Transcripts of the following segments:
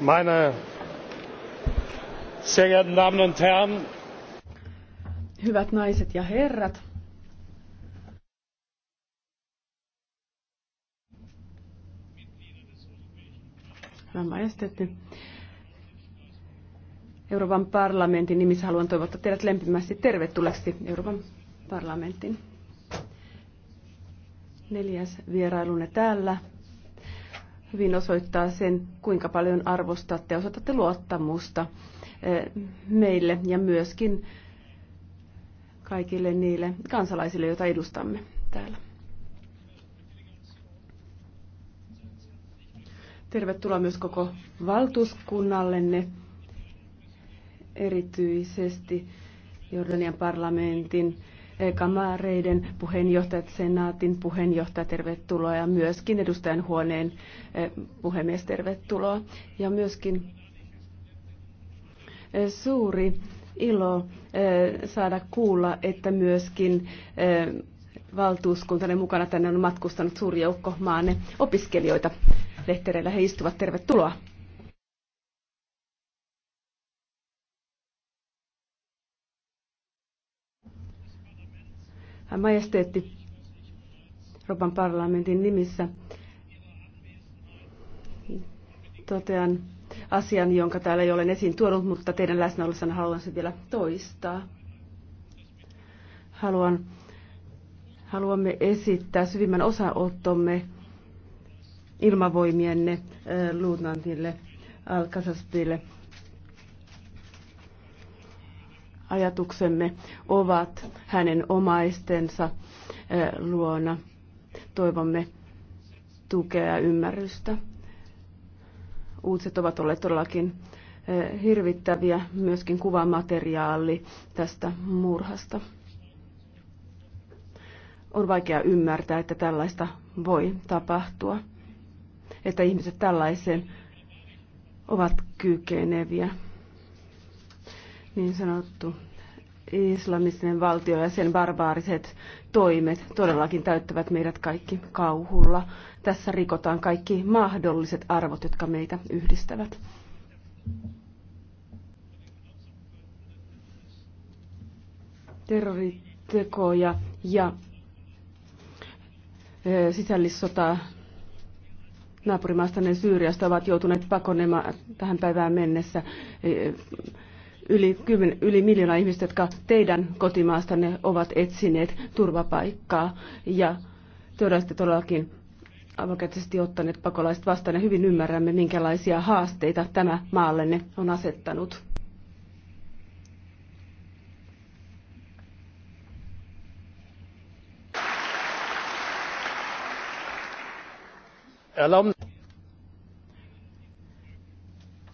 meine sehr geehrten Damen und Herren, Hyvät naiset ja herrat, Hyvä majesteetti, Euroopan parlamentin nimissä haluan toivottaa teidät lempimästi tervetulleeksi Euroopan parlamenttiin. Neljäs vierailunne täällä hyvin osoittaa sen, kuinka paljon arvostatte ja osoitatte luottamusta eh, meille ja myöskin kaikille niille kansalaisille, joita edustamme täällä. Tervetuloa myös koko valtuuskunnallenne, erityisesti Jordanian parlamentin kamareiden puheenjohtajat, senaatin puheenjohtaja, tervetuloa ja myöskin edustajan huoneen eh, puhemies, tervetuloa. Ja myöskin eh, suuri ilo eh, saada kuulla, että myöskin valtuuskuntanne mukana tänne on matkustanut suuri joukko maanne opiskelijoita. Lehtereillä he istuvat. Tervetuloa. majesteetti Euroopan parlamentin nimissä totean asian, jonka täällä ei ole esiin tuonut, mutta teidän läsnäolossanne haluan sen vielä toistaa. Haluan, haluamme esittää syvimmän osanottomme ilmavoimienne äh, luutnantille Alkasaspille ajatuksemme ovat hänen omaistensa luona. Toivomme tukea ja ymmärrystä. Uutiset ovat olleet todellakin hirvittäviä, myöskin kuvamateriaali tästä murhasta. On vaikea ymmärtää, että tällaista voi tapahtua, että ihmiset tällaiseen ovat kykeneviä niin sanottu islamistinen valtio ja sen barbaariset toimet todellakin täyttävät meidät kaikki kauhulla. Tässä rikotaan kaikki mahdolliset arvot, jotka meitä yhdistävät. Terroritekoja ja sisällissota naapurimaastanne Syyriasta ovat joutuneet pakonemaan tähän päivään mennessä yli, yli miljoona ihmistä, jotka teidän kotimaastanne ovat etsineet turvapaikkaa ja te olette todellakin avokätisesti ottaneet pakolaiset vastaan ja hyvin ymmärrämme, minkälaisia haasteita tämä maallenne on asettanut.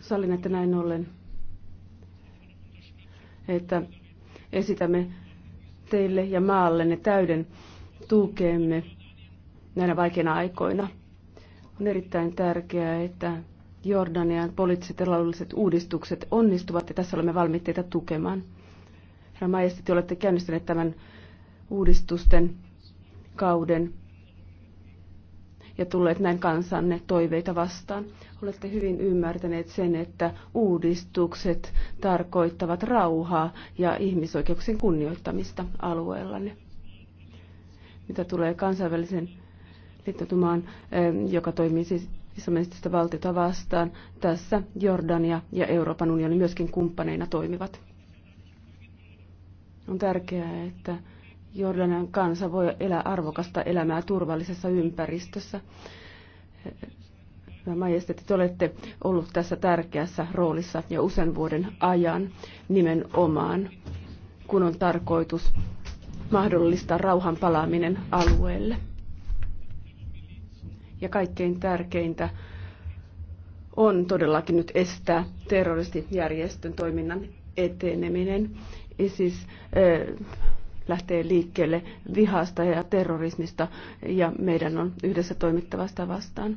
Sallin, että näin ollen että esitämme teille ja maallenne täyden tukemme näinä vaikeina aikoina. On erittäin tärkeää, että Jordanian poliittiset ja laululliset uudistukset onnistuvat ja tässä olemme valmiit teitä tukemaan. Herra Majestit, olette käynnistäneet tämän uudistusten kauden ja tulleet näin kansanne toiveita vastaan. Olette hyvin ymmärtäneet sen, että uudistukset tarkoittavat rauhaa ja ihmisoikeuksien kunnioittamista alueellanne. Mitä tulee kansainvälisen liittoutumaan, joka toimii siis islamistista valtiota vastaan, tässä Jordania ja Euroopan unioni myöskin kumppaneina toimivat. On tärkeää, että Jordanian kansa voi elää arvokasta elämää turvallisessa ympäristössä. Hyvä majesteetti, te olette ollut tässä tärkeässä roolissa jo usean vuoden ajan nimenomaan, kun on tarkoitus mahdollistaa rauhan palaaminen alueelle. Ja kaikkein tärkeintä on todellakin nyt estää terroristijärjestön toiminnan eteneminen. ISIS äh, lähtee liikkeelle vihasta ja terrorismista ja meidän on yhdessä toimittava sitä vastaan.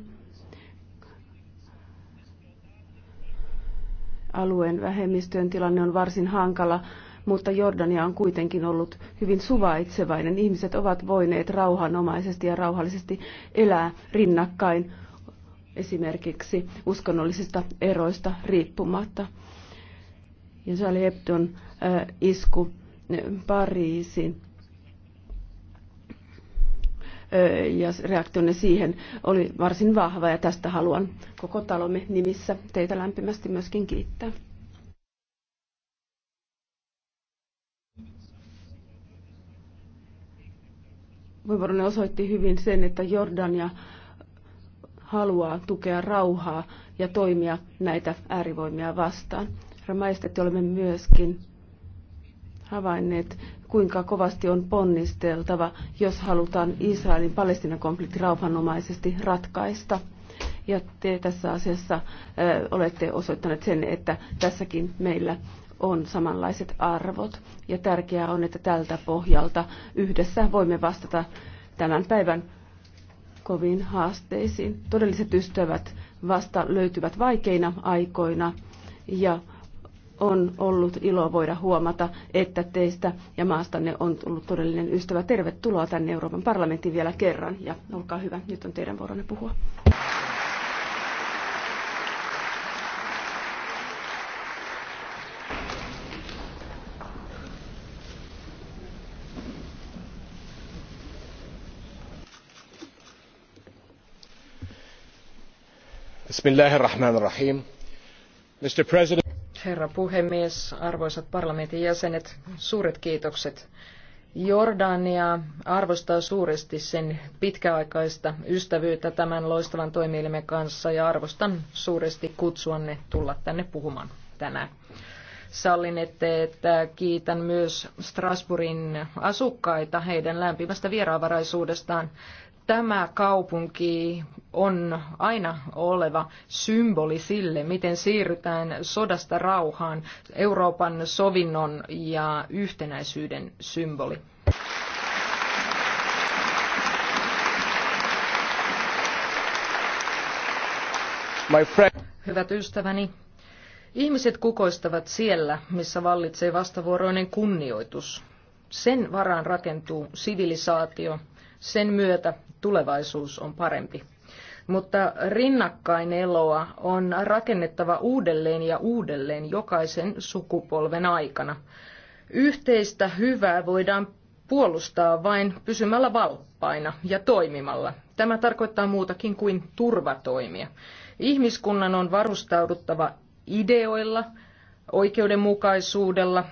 Alueen vähemmistöjen tilanne on varsin hankala, mutta Jordania on kuitenkin ollut hyvin suvaitsevainen. Ihmiset ovat voineet rauhanomaisesti ja rauhallisesti elää rinnakkain esimerkiksi uskonnollisista eroista riippumatta. Ja se oli Hebdon äh, isku Pariisin ja reaktionne siihen oli varsin vahva ja tästä haluan koko talomme nimissä teitä lämpimästi myöskin kiittää. Puheenvuoronne osoitti hyvin sen, että Jordania haluaa tukea rauhaa ja toimia näitä äärivoimia vastaan. Herra olemme myöskin havainneet, kuinka kovasti on ponnisteltava, jos halutaan Israelin palestiinan konflikti rauhanomaisesti ratkaista. Ja te tässä asiassa ö, olette osoittaneet sen, että tässäkin meillä on samanlaiset arvot. Ja tärkeää on, että tältä pohjalta yhdessä voimme vastata tämän päivän koviin haasteisiin. Todelliset ystävät vasta löytyvät vaikeina aikoina ja on ollut ilo voida huomata, että teistä ja maastanne on tullut todellinen ystävä. Tervetuloa tänne Euroopan parlamenttiin vielä kerran ja olkaa hyvä, nyt on teidän vuoronne puhua. Bismillahirrahmanirrahim. Mr. President herra puhemies, arvoisat parlamentin jäsenet, suuret kiitokset. Jordania arvostaa suuresti sen pitkäaikaista ystävyyttä tämän loistavan toimielimen kanssa ja arvostan suuresti kutsuanne tulla tänne puhumaan tänään. Sallin, ette, että kiitän myös Strasbourgin asukkaita heidän lämpimästä vieraanvaraisuudestaan Tämä kaupunki on aina oleva symboli sille, miten siirrytään sodasta rauhaan, Euroopan sovinnon ja yhtenäisyyden symboli. Hyvät ystäväni, ihmiset kukoistavat siellä, missä vallitsee vastavuoroinen kunnioitus. Sen varaan rakentuu sivilisaatio. Sen myötä tulevaisuus on parempi. Mutta rinnakkaineloa on rakennettava uudelleen ja uudelleen jokaisen sukupolven aikana. Yhteistä hyvää voidaan puolustaa vain pysymällä valppaina ja toimimalla. Tämä tarkoittaa muutakin kuin turvatoimia. Ihmiskunnan on varustauduttava ideoilla, oikeudenmukaisuudella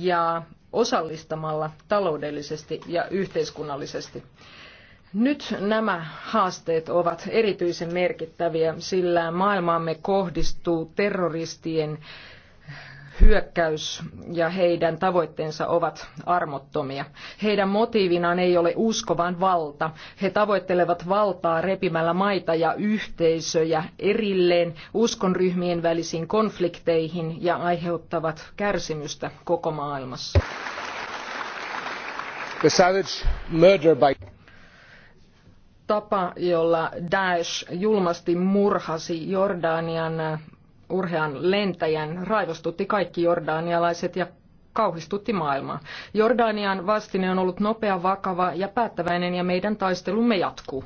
ja osallistamalla taloudellisesti ja yhteiskunnallisesti. Nyt nämä haasteet ovat erityisen merkittäviä, sillä maailmaamme kohdistuu terroristien hyökkäys ja heidän tavoitteensa ovat armottomia. Heidän motiivinaan ei ole usko, vaan valta. He tavoittelevat valtaa repimällä maita ja yhteisöjä erilleen uskonryhmien välisiin konflikteihin ja aiheuttavat kärsimystä koko maailmassa. The savage murder by tapa, jolla Daesh julmasti murhasi Jordanian äh, urhean lentäjän, raivostutti kaikki jordanialaiset ja kauhistutti maailmaa. Jordanian vastine on ollut nopea, vakava ja päättäväinen ja meidän taistelumme jatkuu.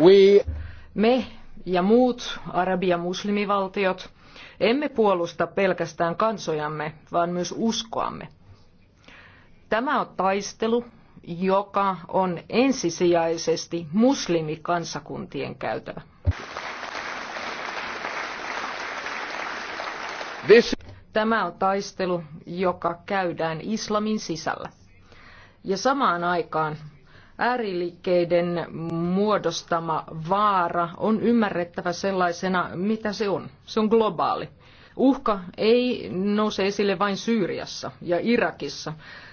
We... Me ja muut arabia muslimivaltiot emme puolusta pelkästään kansojamme, vaan myös uskoamme. Tämä on taistelu, joka on ensisijaisesti muslimikansakuntien käytävä. Tämä on taistelu, joka käydään islamin sisällä. Ja samaan aikaan ääriliikkeiden muodostama vaara on ymmärrettävä sellaisena, mitä se on. Se on globaali. Uhka ei nouse esille vain Syyriassa ja Irakissa.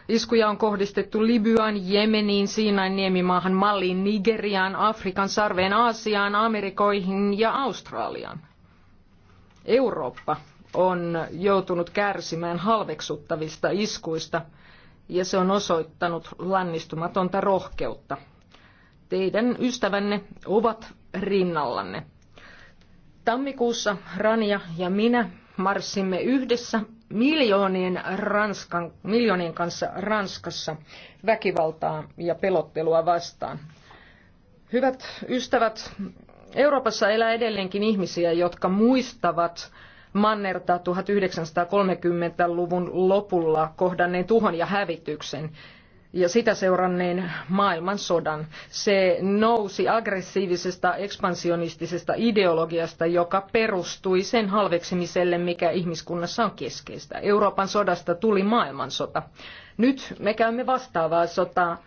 Iskuja on kohdistettu Libyaan, Jemeniin, Siinain niemimaahan, Maliin, Nigeriaan, Afrikan sarveen, Aasiaan, Amerikoihin ja Australiaan. Eurooppa on joutunut kärsimään halveksuttavista iskuista ja se on osoittanut lannistumatonta rohkeutta. Teidän ystävänne ovat rinnallanne. Tammikuussa Rania ja minä marssimme yhdessä miljoonien, Ranskan, miljoonien kanssa Ranskassa väkivaltaa ja pelottelua vastaan. Hyvät ystävät, Euroopassa elää edelleenkin ihmisiä, jotka muistavat mannerta 1930-luvun lopulla kohdanneen tuhon ja hävityksen ja sitä seuranneen maailmansodan. Se nousi aggressiivisesta ekspansionistisesta ideologiasta, joka perustui sen halveksimiselle, mikä ihmiskunnassa on keskeistä. Euroopan sodasta tuli maailmansota. Nyt me käymme vastaavaa sotaa,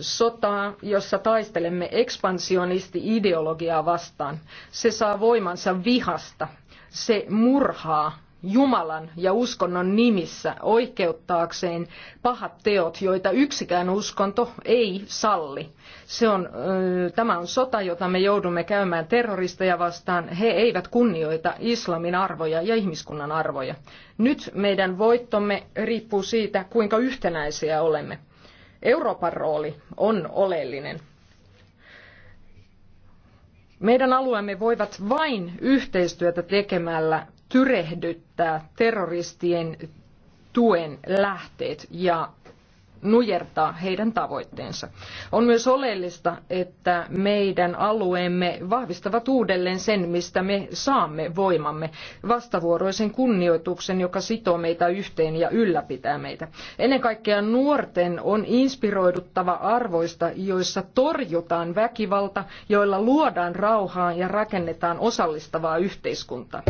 sotaa, jossa taistelemme ekspansionisti-ideologiaa vastaan. Se saa voimansa vihasta. Se murhaa Jumalan ja uskonnon nimissä oikeuttaakseen pahat teot, joita yksikään uskonto ei salli. Se on, tämä on sota, jota me joudumme käymään terroristeja vastaan. He eivät kunnioita islamin arvoja ja ihmiskunnan arvoja. Nyt meidän voittomme riippuu siitä, kuinka yhtenäisiä olemme. Euroopan rooli on oleellinen. Meidän alueemme voivat vain yhteistyötä tekemällä tyrehdyttää terroristien tuen lähteet ja nujertaa heidän tavoitteensa. On myös oleellista, että meidän alueemme vahvistavat uudelleen sen, mistä me saamme voimamme, vastavuoroisen kunnioituksen, joka sitoo meitä yhteen ja ylläpitää meitä. Ennen kaikkea nuorten on inspiroiduttava arvoista, joissa torjutaan väkivalta, joilla luodaan rauhaa ja rakennetaan osallistavaa yhteiskuntaa.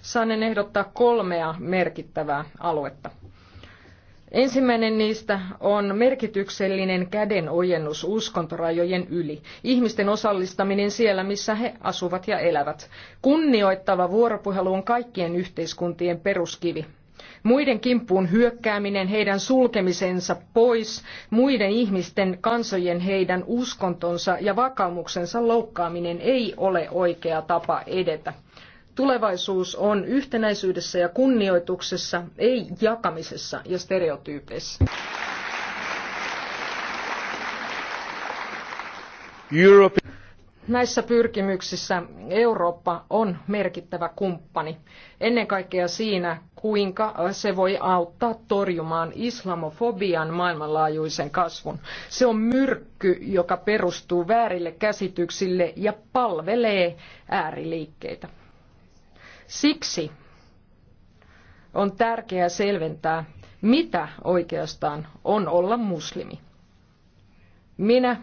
Saanen ehdottaa kolmea merkittävää aluetta. Ensimmäinen niistä on merkityksellinen kädenojennus uskontorajojen yli, ihmisten osallistaminen siellä, missä he asuvat ja elävät. Kunnioittava vuoropuhelu on kaikkien yhteiskuntien peruskivi. Muiden kimppuun hyökkääminen, heidän sulkemisensa pois, muiden ihmisten kansojen heidän uskontonsa ja vakaumuksensa loukkaaminen ei ole oikea tapa edetä. Tulevaisuus on yhtenäisyydessä ja kunnioituksessa, ei jakamisessa ja stereotyypeissä. Europe. Näissä pyrkimyksissä Eurooppa on merkittävä kumppani, ennen kaikkea siinä, kuinka se voi auttaa torjumaan islamofobian maailmanlaajuisen kasvun. Se on myrkky, joka perustuu väärille käsityksille ja palvelee ääriliikkeitä. Siksi on tärkeää selventää, mitä oikeastaan on olla muslimi. Minä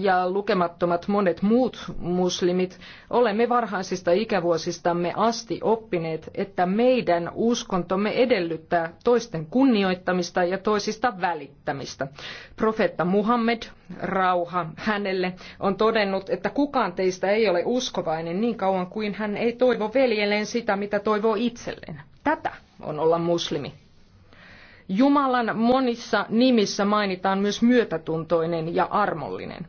ja lukemattomat monet muut muslimit olemme varhaisista ikävuosistamme asti oppineet, että meidän uskontomme edellyttää toisten kunnioittamista ja toisista välittämistä. Profeetta Muhammed, rauha hänelle, on todennut, että kukaan teistä ei ole uskovainen niin kauan kuin hän ei toivo veljelleen sitä, mitä toivoo itselleen. Tätä on olla muslimi. Jumalan monissa nimissä mainitaan myös myötätuntoinen ja armollinen.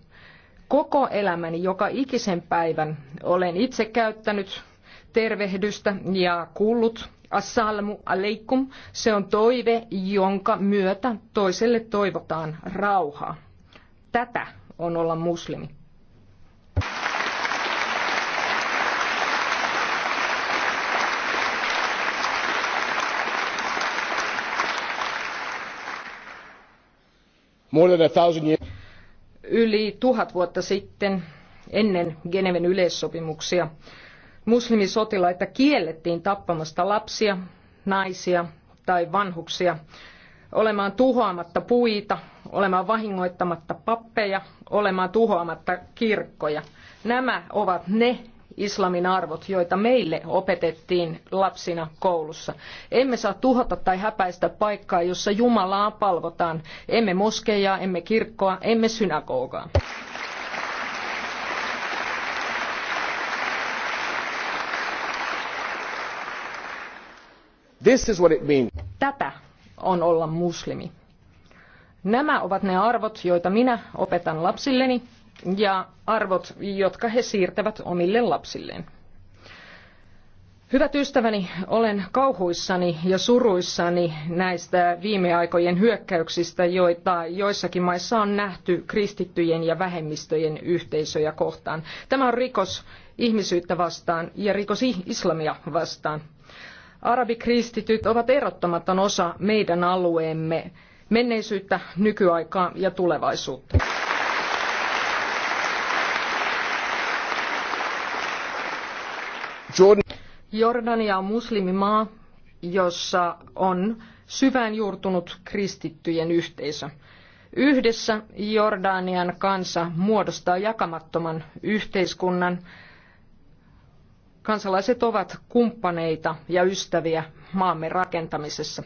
Koko elämäni, joka ikisen päivän olen itse käyttänyt tervehdystä ja kuullut Assalamu aleikum. se on toive, jonka myötä toiselle toivotaan rauhaa. Tätä on olla muslimi. More than a thousand years yli tuhat vuotta sitten ennen Geneven yleissopimuksia muslimisotilaita kiellettiin tappamasta lapsia, naisia tai vanhuksia, olemaan tuhoamatta puita, olemaan vahingoittamatta pappeja, olemaan tuhoamatta kirkkoja. Nämä ovat ne islamin arvot, joita meille opetettiin lapsina koulussa. Emme saa tuhota tai häpäistä paikkaa, jossa Jumalaa palvotaan. Emme moskeijaa, emme kirkkoa, emme synagogaa. This is what it means. Tätä on olla muslimi. Nämä ovat ne arvot, joita minä opetan lapsilleni ja arvot, jotka he siirtävät omille lapsilleen. Hyvät ystäväni, olen kauhuissani ja suruissani näistä viime aikojen hyökkäyksistä, joita joissakin maissa on nähty kristittyjen ja vähemmistöjen yhteisöjä kohtaan. Tämä on rikos ihmisyyttä vastaan ja rikos islamia vastaan. Arabikristityt ovat erottamaton osa meidän alueemme menneisyyttä, nykyaikaa ja tulevaisuutta. Jordania on muslimimaa, jossa on syvään juurtunut kristittyjen yhteisö. Yhdessä Jordanian kansa muodostaa jakamattoman yhteiskunnan. Kansalaiset ovat kumppaneita ja ystäviä maamme rakentamisessa.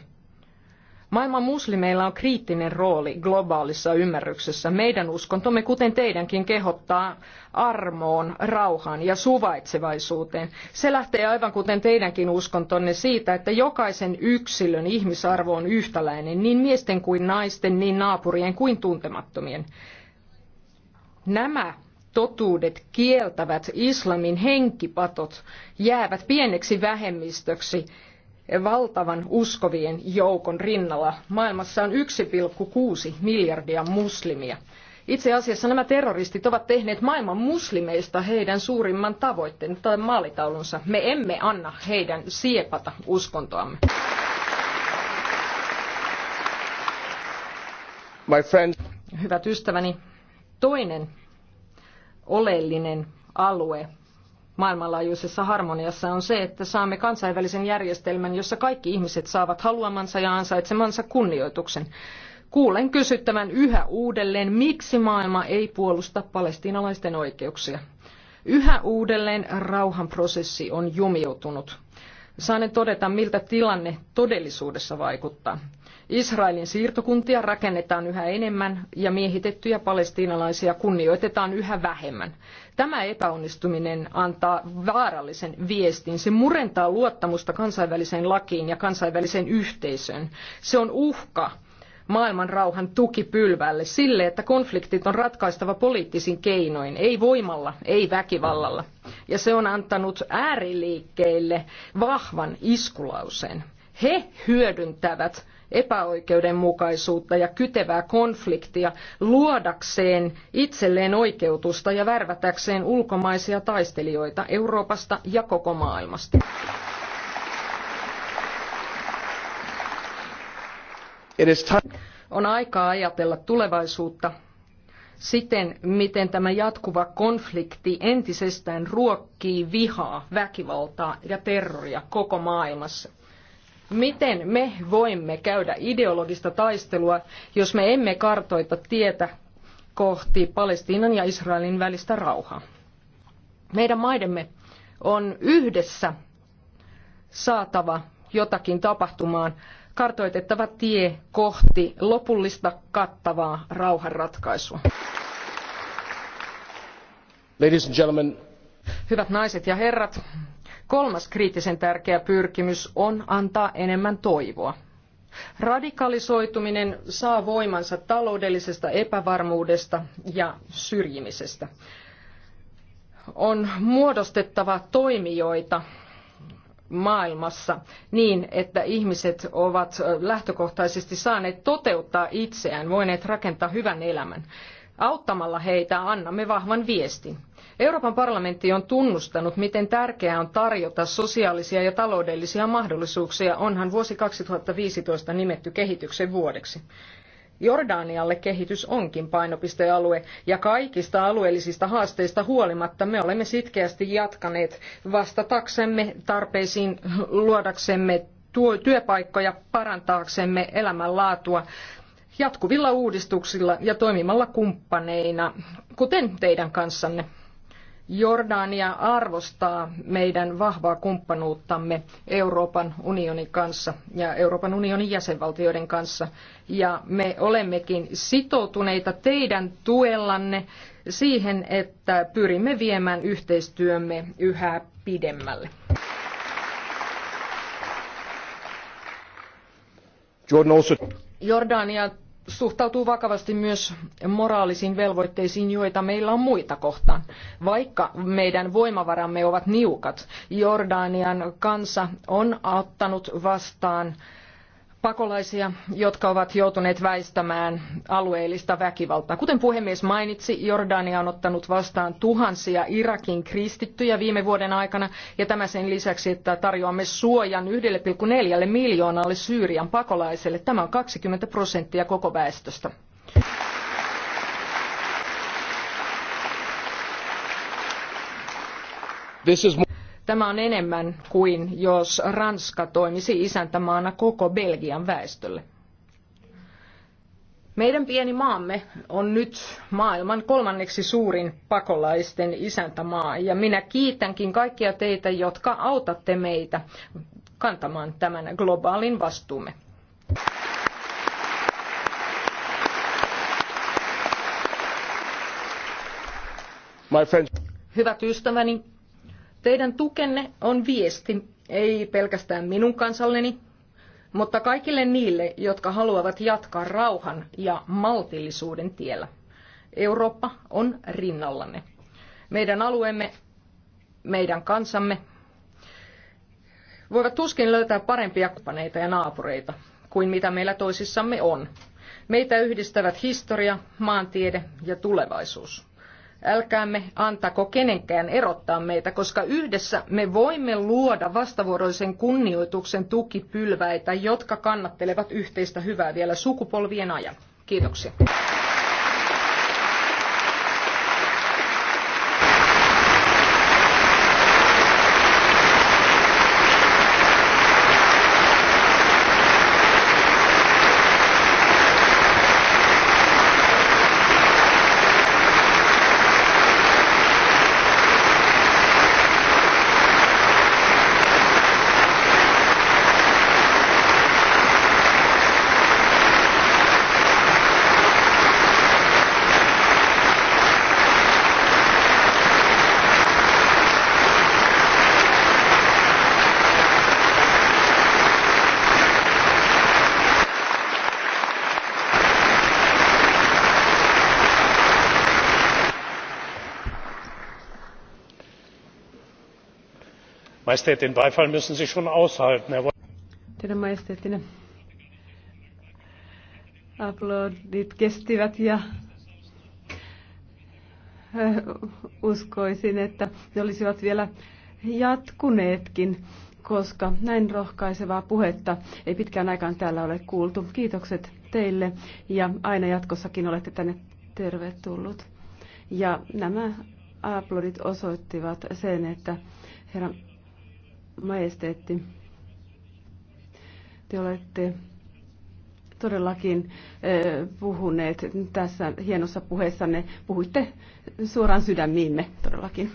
Maailman muslimeilla on kriittinen rooli globaalissa ymmärryksessä. Meidän uskontomme, kuten teidänkin, kehottaa armoon, rauhaan ja suvaitsevaisuuteen. Se lähtee aivan kuten teidänkin uskontonne siitä, että jokaisen yksilön ihmisarvo on yhtäläinen, niin miesten kuin naisten, niin naapurien kuin tuntemattomien. Nämä totuudet kieltävät islamin henkipatot jäävät pieneksi vähemmistöksi valtavan uskovien joukon rinnalla. Maailmassa on 1,6 miljardia muslimia. Itse asiassa nämä terroristit ovat tehneet maailman muslimeista heidän suurimman tavoitteen tai maalitaulunsa. Me emme anna heidän siepata uskontoamme. Hyvät ystäväni, toinen oleellinen alue maailmanlaajuisessa harmoniassa on se, että saamme kansainvälisen järjestelmän, jossa kaikki ihmiset saavat haluamansa ja ansaitsemansa kunnioituksen. Kuulen kysyttävän yhä uudelleen, miksi maailma ei puolusta palestiinalaisten oikeuksia. Yhä uudelleen rauhanprosessi on jumiutunut saanen todeta, miltä tilanne todellisuudessa vaikuttaa. Israelin siirtokuntia rakennetaan yhä enemmän ja miehitettyjä palestiinalaisia kunnioitetaan yhä vähemmän. Tämä epäonnistuminen antaa vaarallisen viestin. Se murentaa luottamusta kansainväliseen lakiin ja kansainväliseen yhteisöön. Se on uhka maailman rauhan tukipylvälle, sille, että konfliktit on ratkaistava poliittisin keinoin, ei voimalla, ei väkivallalla. Ja se on antanut ääriliikkeille vahvan iskulauseen. He hyödyntävät epäoikeudenmukaisuutta ja kytevää konfliktia luodakseen itselleen oikeutusta ja värvätäkseen ulkomaisia taistelijoita Euroopasta ja koko maailmasta. On aika ajatella tulevaisuutta siten, miten tämä jatkuva konflikti entisestään ruokkii vihaa, väkivaltaa ja terroria koko maailmassa. Miten me voimme käydä ideologista taistelua, jos me emme kartoita tietä kohti Palestiinan ja Israelin välistä rauhaa? Meidän maidemme on yhdessä saatava jotakin tapahtumaan kartoitettava tie kohti lopullista kattavaa rauhanratkaisua. Hyvät naiset ja herrat, kolmas kriittisen tärkeä pyrkimys on antaa enemmän toivoa. Radikalisoituminen saa voimansa taloudellisesta epävarmuudesta ja syrjimisestä. On muodostettava toimijoita, maailmassa niin, että ihmiset ovat lähtökohtaisesti saaneet toteuttaa itseään, voineet rakentaa hyvän elämän. Auttamalla heitä annamme vahvan viestin. Euroopan parlamentti on tunnustanut, miten tärkeää on tarjota sosiaalisia ja taloudellisia mahdollisuuksia, onhan vuosi 2015 nimetty kehityksen vuodeksi. Jordanialle kehitys onkin painopistealue ja kaikista alueellisista haasteista huolimatta me olemme sitkeästi jatkaneet vastataksemme tarpeisiin luodaksemme työpaikkoja parantaaksemme elämänlaatua jatkuvilla uudistuksilla ja toimimalla kumppaneina, kuten teidän kanssanne. Jordania arvostaa meidän vahvaa kumppanuuttamme Euroopan unionin kanssa ja Euroopan unionin jäsenvaltioiden kanssa. Ja me olemmekin sitoutuneita teidän tuellanne siihen, että pyrimme viemään yhteistyömme yhä pidemmälle. Jordania suhtautuu vakavasti myös moraalisiin velvoitteisiin, joita meillä on muita kohtaan. Vaikka meidän voimavaramme ovat niukat, Jordanian kansa on ottanut vastaan pakolaisia, jotka ovat joutuneet väistämään alueellista väkivaltaa. Kuten puhemies mainitsi, Jordania on ottanut vastaan tuhansia Irakin kristittyjä viime vuoden aikana, ja tämä sen lisäksi, että tarjoamme suojan 1,4 miljoonalle Syyrian pakolaiselle. Tämä on 20 prosenttia koko väestöstä. This is... Tämä on enemmän kuin jos Ranska toimisi isäntämaana koko Belgian väestölle. Meidän pieni maamme on nyt maailman kolmanneksi suurin pakolaisten isäntämaa ja minä kiitänkin kaikkia teitä, jotka autatte meitä kantamaan tämän globaalin vastuumme. Hyvät ystäväni, Teidän tukenne on viesti, ei pelkästään minun kansalleni, mutta kaikille niille, jotka haluavat jatkaa rauhan ja maltillisuuden tiellä. Eurooppa on rinnallanne. Meidän alueemme, meidän kansamme voivat tuskin löytää parempia kumppaneita ja naapureita kuin mitä meillä toisissamme on. Meitä yhdistävät historia, maantiede ja tulevaisuus. Älkäämme antako kenenkään erottaa meitä, koska yhdessä me voimme luoda vastavuoroisen kunnioituksen tukipylväitä, jotka kannattelevat yhteistä hyvää vielä sukupolvien ajan. Kiitoksia. majestät den beifall müssen sie schon aushalten. teidän majesteettinne aplodit kestivät ja äh, uskoisin, että ne olisivat vielä jatkuneetkin, koska näin rohkaisevaa puhetta ei pitkään aikaan täällä ole kuultu. Kiitokset teille ja aina jatkossakin olette tänne tervetullut. Ja nämä aplodit osoittivat sen, että herra majesteetti, te olette todellakin puhuneet tässä hienossa puheessanne. Puhuitte suoraan sydämiimme todellakin.